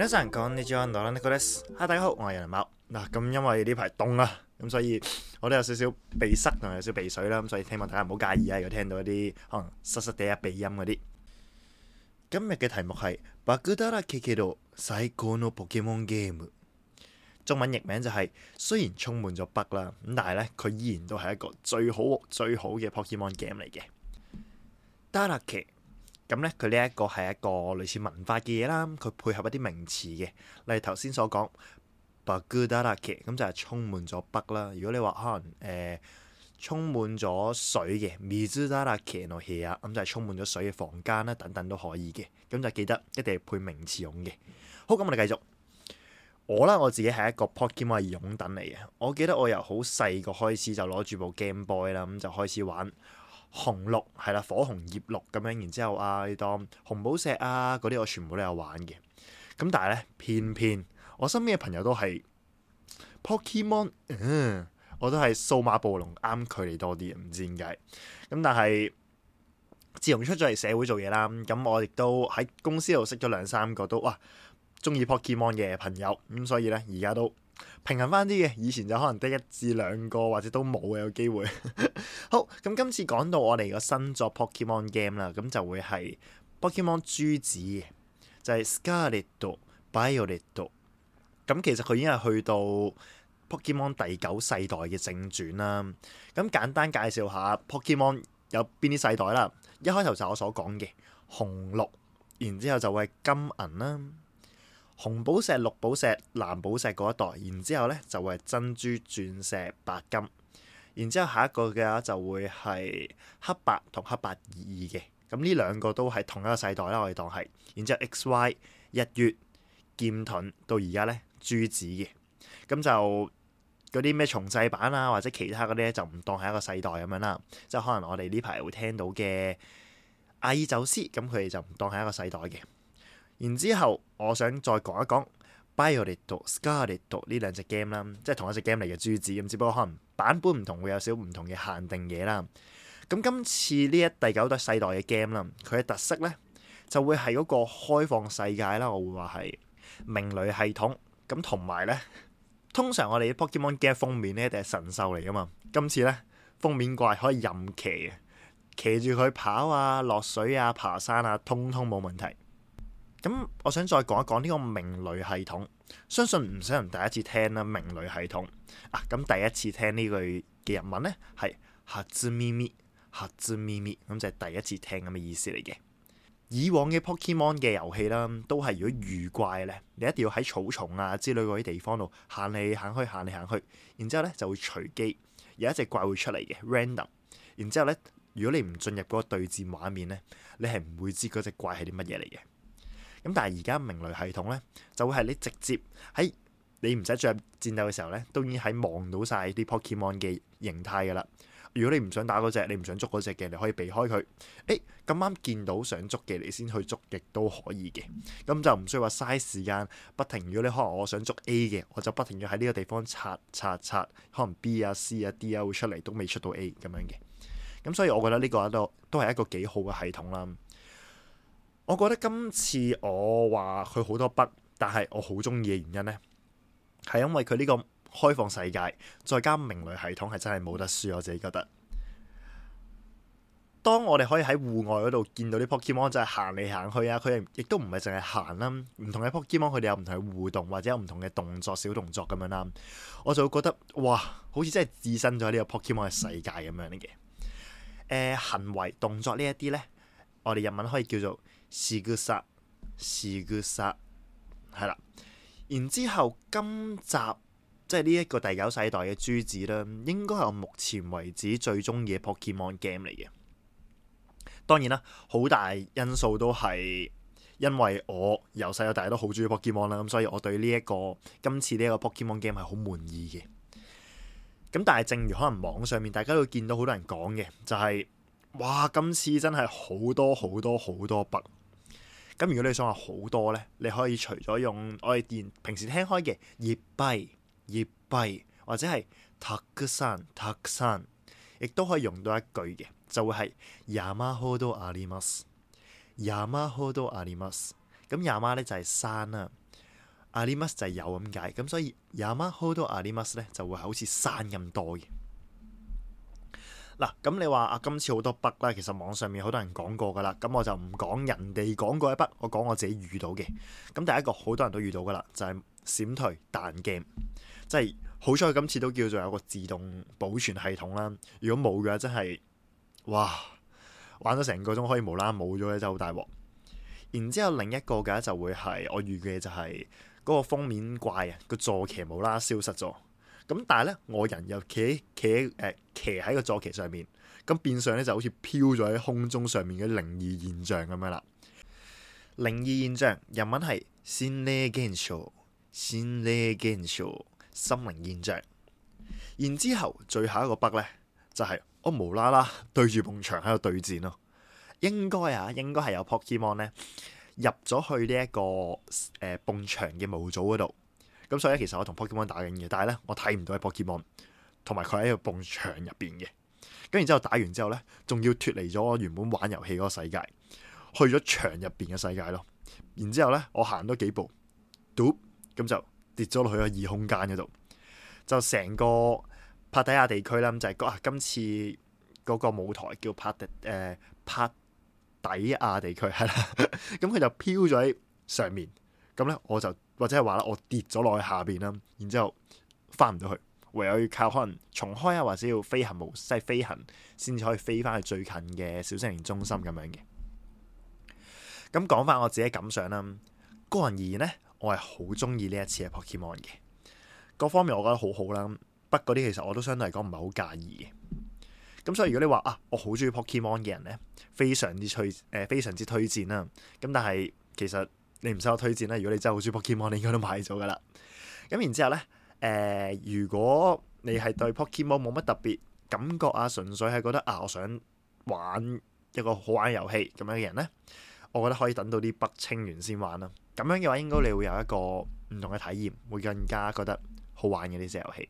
好多謝大家收睇，我係 Noraneko。嗱，咁因為呢排凍啊，咁所以我都有少少鼻塞同埋有少鼻水啦，咁所以希望大家唔好介意啊，有聽到一啲可能濕濕哋嘅鼻音嗰啲。今日嘅題目係《バグだらけけど最高のポケモンゲーム》，中文譯名就係雖然充滿咗 bug 啦，咁但係咧佢依然都係一個最好最好嘅 Pokemon game 嚟嘅。だらけ咁咧，佢呢一個係一個類似文化嘅嘢啦，佢配合一啲名詞嘅，例如頭先所講，バグだらけ啊，咁就係、是、充滿咗 bug 啦。如果你話可能誒充、呃、滿咗水嘅，水だらけ咁就係、是、充滿咗水嘅房間啦，等等都可以嘅。咁就記得一定要配名詞用嘅。好，咁我哋繼續。我啦，我自己係一個 Pokemon 嘅擁躉嚟嘅。我記得我由好細個開始就攞住部 Game Boy 啦，咁就開始玩。紅綠係啦，火紅葉綠咁樣，然之後啊，呢檔紅寶石啊，嗰啲我全部都有玩嘅。咁但係呢，偏偏我身邊嘅朋友都係 Pokemon，嗯，我都係數碼暴龍啱佢哋多啲，唔知點解。咁但係自從出咗嚟社會做嘢啦，咁我亦都喺公司度識咗兩三個都哇，中意 Pokemon 嘅朋友。咁所以呢，而家都。平衡翻啲嘅，以前就可能得一至兩個或者都冇嘅有機會。 好，咁今次講到我哋個新作 Pokemon Game 啦，咁就會係 Pokemon 朱紫，就係、是、Scarlet、Doll Violet。Doll 咁其實佢已經係去到 Pokemon 第九世代嘅正傳啦。咁簡單介紹下 Pokemon 有邊啲世代啦。一開頭就我所講嘅紅綠，然之後就係金銀啦。紅寶石、綠寶石、藍寶石嗰一代，然之後咧就會係珍珠、鑽石、白金，然之後下一個嘅話就會係黑白同黑白二嘅，咁呢兩個都係同一個世代啦，我哋當係。然之後 X、Y、日月劍盾到而家咧朱紫嘅，咁就嗰啲咩重製版啊或者其他嗰啲咧就唔當係一個世代咁樣啦。即係可能我哋呢排會聽到嘅阿爾宙斯咁佢哋就唔當係一個世代嘅。然之後，我想再講一講《Violet》同《Scarlet》呢兩隻 game 啦，即係同一隻 game 嚟嘅珠子，咁只不過可能版本唔同，會有少少唔同嘅限定嘢啦。咁今次呢一第九代世代嘅 game 啦，佢嘅特色呢就會係嗰個開放世界啦，我會話係明雷系統。咁同埋呢，通常我哋 Pokemon Game 封面呢，一定係神獸嚟㗎嘛，今次呢，封面怪可以任騎嘅，騎住佢跑啊、落水啊、爬山啊，通通冇問題。咁我想再講一講呢個明雷系統，相信唔少人第一次聽啦。明雷系統啊，咁第一次聽呢句嘅日文呢，係初耳初耳，咁就係第一次聽咁嘅意思嚟嘅。以往嘅 Pokemon 嘅遊戲啦，都係如果遇怪呢，你一定要喺草叢啊之類嗰啲地方度行嚟行去，行嚟行去，然之後呢就會隨機有一隻怪會出嚟嘅 random。然之後呢，如果你唔進入嗰個對戰畫面呢，你係唔會知嗰隻怪係啲乜嘢嚟嘅。咁但係而家明雷系統咧，就會係你直接喺你唔使進入戰鬥嘅時候咧，都已經喺望到晒啲 Pokemon 嘅形態㗎喇。如果你唔想打嗰隻，你唔想捉嗰隻嘅，你可以避開佢。誒咁啱見到想捉嘅，你先去捉亦都可以嘅。咁就唔需要話嘥時間不停。如果你可能我想捉 A 嘅，我就不停要喺呢個地方刷刷刷，可能 B 啊、C 啊、D 啊會出嚟，都未出到 A 咁樣嘅。咁所以我覺得呢個都都係一個幾好嘅系統啦。我覺得今次我話佢好多 bug，但係我好中意嘅原因呢，係因為佢呢個開放世界，再加明雷系統，係真係冇得輸。我自己覺得，當我哋可以喺戶外嗰度見到啲 Pokemon 就係行嚟行去啊，佢亦都唔係淨係行啦，唔同嘅 Pokemon 佢哋有唔同嘅互動或者有唔同嘅動作、小動作咁樣啦，我就會覺得哇，好似真係置身咗喺呢個 Pokemon 嘅世界咁樣嘅。呃，行為動作呢一啲呢，我哋日文可以叫做。仕草，仕草，係啦。然之後，今集即係呢一個第九世代嘅朱紫啦，應該係我目前為止最中意嘅 Pokemon game 嚟嘅。當然啦，好大因素都係因為我由細到大都好中意 Pokemon 啦，咁所以我對呢一個今次呢一個 Pokemon game 係好滿意嘅。咁但係，正如可能網上面大家都會見到好多人講嘅，就係，哇，今次真係好多好多好多筆。咁如果你想話好多咧，你可以除咗用我哋電平時聽開嘅いっぱい、いっぱい，或者係たくさん、たくさん，亦都可以用到一句嘅，就會係やまほどあります，やまほどあります。咁やま咧就係山啦，あります就係有咁解，咁所以やまほどあります咧就會係好似山咁多嘅。嗱，咁你話啊，今次好多 bug 啦，其實網上面好多人講過噶啦，咁我就唔講人哋講過嘅 bug，我講我自己遇到嘅。咁第一個好多人都遇到噶啦，就係、是、閃退彈 game，即係好彩今次都叫做有個自動保存系統啦。如果冇嘅話，真係哇，玩咗成個鐘可以無啦冇咗，就好大鑊。然之後另一個嘅就會係我遇嘅就係嗰個封面怪啊，個坐騎冇啦消失咗。咁但係咧，我人又企企誒騎喺個坐騎上面，咁變相咧就好似漂咗喺空中上面嘅靈異現象咁樣啦。靈異現象日文係心霊現象、心霊現象、心靈現象。然之後最後一個 Bug 咧，就係、是、我無啦啦對住埲牆喺度對戰咯。應該啊，應該係有 Pokemon 咧入咗去呢、這、一個誒埲、呃、牆嘅模組嗰度。咁所以咧，其實我同 Pokemon、ok、打緊嘅，但係咧，我睇唔到喺 Pokemon 同埋佢喺度蹦牆入邊嘅。跟住之後打完之後咧，仲要脫離咗我原本玩遊戲嗰個世界，去咗牆入邊嘅世界咯。然之後咧，我行多幾步嘟咁就跌咗落去個異空間嗰度，就成個帕底亞地區啦。咁就係、啊，今次嗰個舞台叫帕迪誒、呃、帕底亞地區係啦。咁佢 就飄咗喺上面，咁咧我就。或者係話啦，我跌咗落去下邊啦，然之後翻唔到去，唯有要靠可能重開啊，或者要飛行模式即係飛行先至可以飛翻去最近嘅小精靈中心咁樣嘅。咁講翻我自己感想啦，個人而言呢，我係好中意呢一次嘅 Pokemon 嘅，各方面我覺得好好啦。不過嗰啲其實我都相對嚟講唔係好介意嘅。咁所以如果你話啊，我好中意 Pokemon 嘅人呢，非常之推誒非常之推薦啦。咁但係其實。你唔使我推薦啦。如果你真係好中意 Pokemon，你應該都買咗噶啦。咁然之後呢，誒、呃，如果你係對 Pokemon 冇乜特別感覺啊，純粹係覺得啊，我想玩一個好玩嘅遊戲咁樣嘅人呢，我覺得可以等到啲 bug 清完先玩啦。咁樣嘅話，應該你會有一個唔同嘅體驗，會更加覺得好玩嘅呢隻遊戲。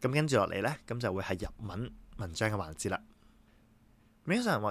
咁跟住落嚟呢，咁就會係日文文章嘅環節啦。皆さんは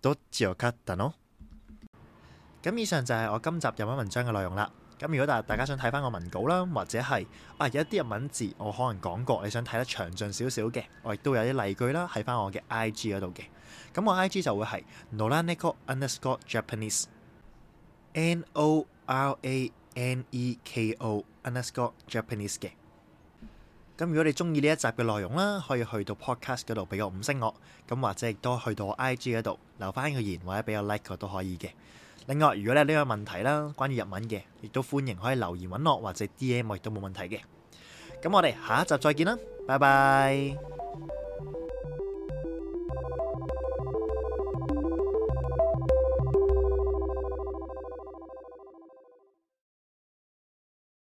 都自由 cut 定咯。咁以上就係我今集日文文章嘅內容啦。咁如果大大家想睇翻個文稿啦，或者係啊有啲日文字我可能講過，你想睇得詳盡少少嘅，我亦都有啲例句啦喺翻我嘅 I G 嗰度嘅。咁我 I G 就會係 Noraneko_Japanese。N O R A N E K O_Japanese 嘅。咁如果你中意呢一集嘅內容啦，可以去到 Podcast 嗰度俾個五星我，咁或者亦都去到 I G 嗰度留翻個言或者俾個 like 我都可以嘅。另外，如果你有呢個問題啦，關於日文嘅，亦都歡迎可以留言揾我或者 D M 我，亦都冇問題嘅。咁我哋下一集再見啦，拜拜。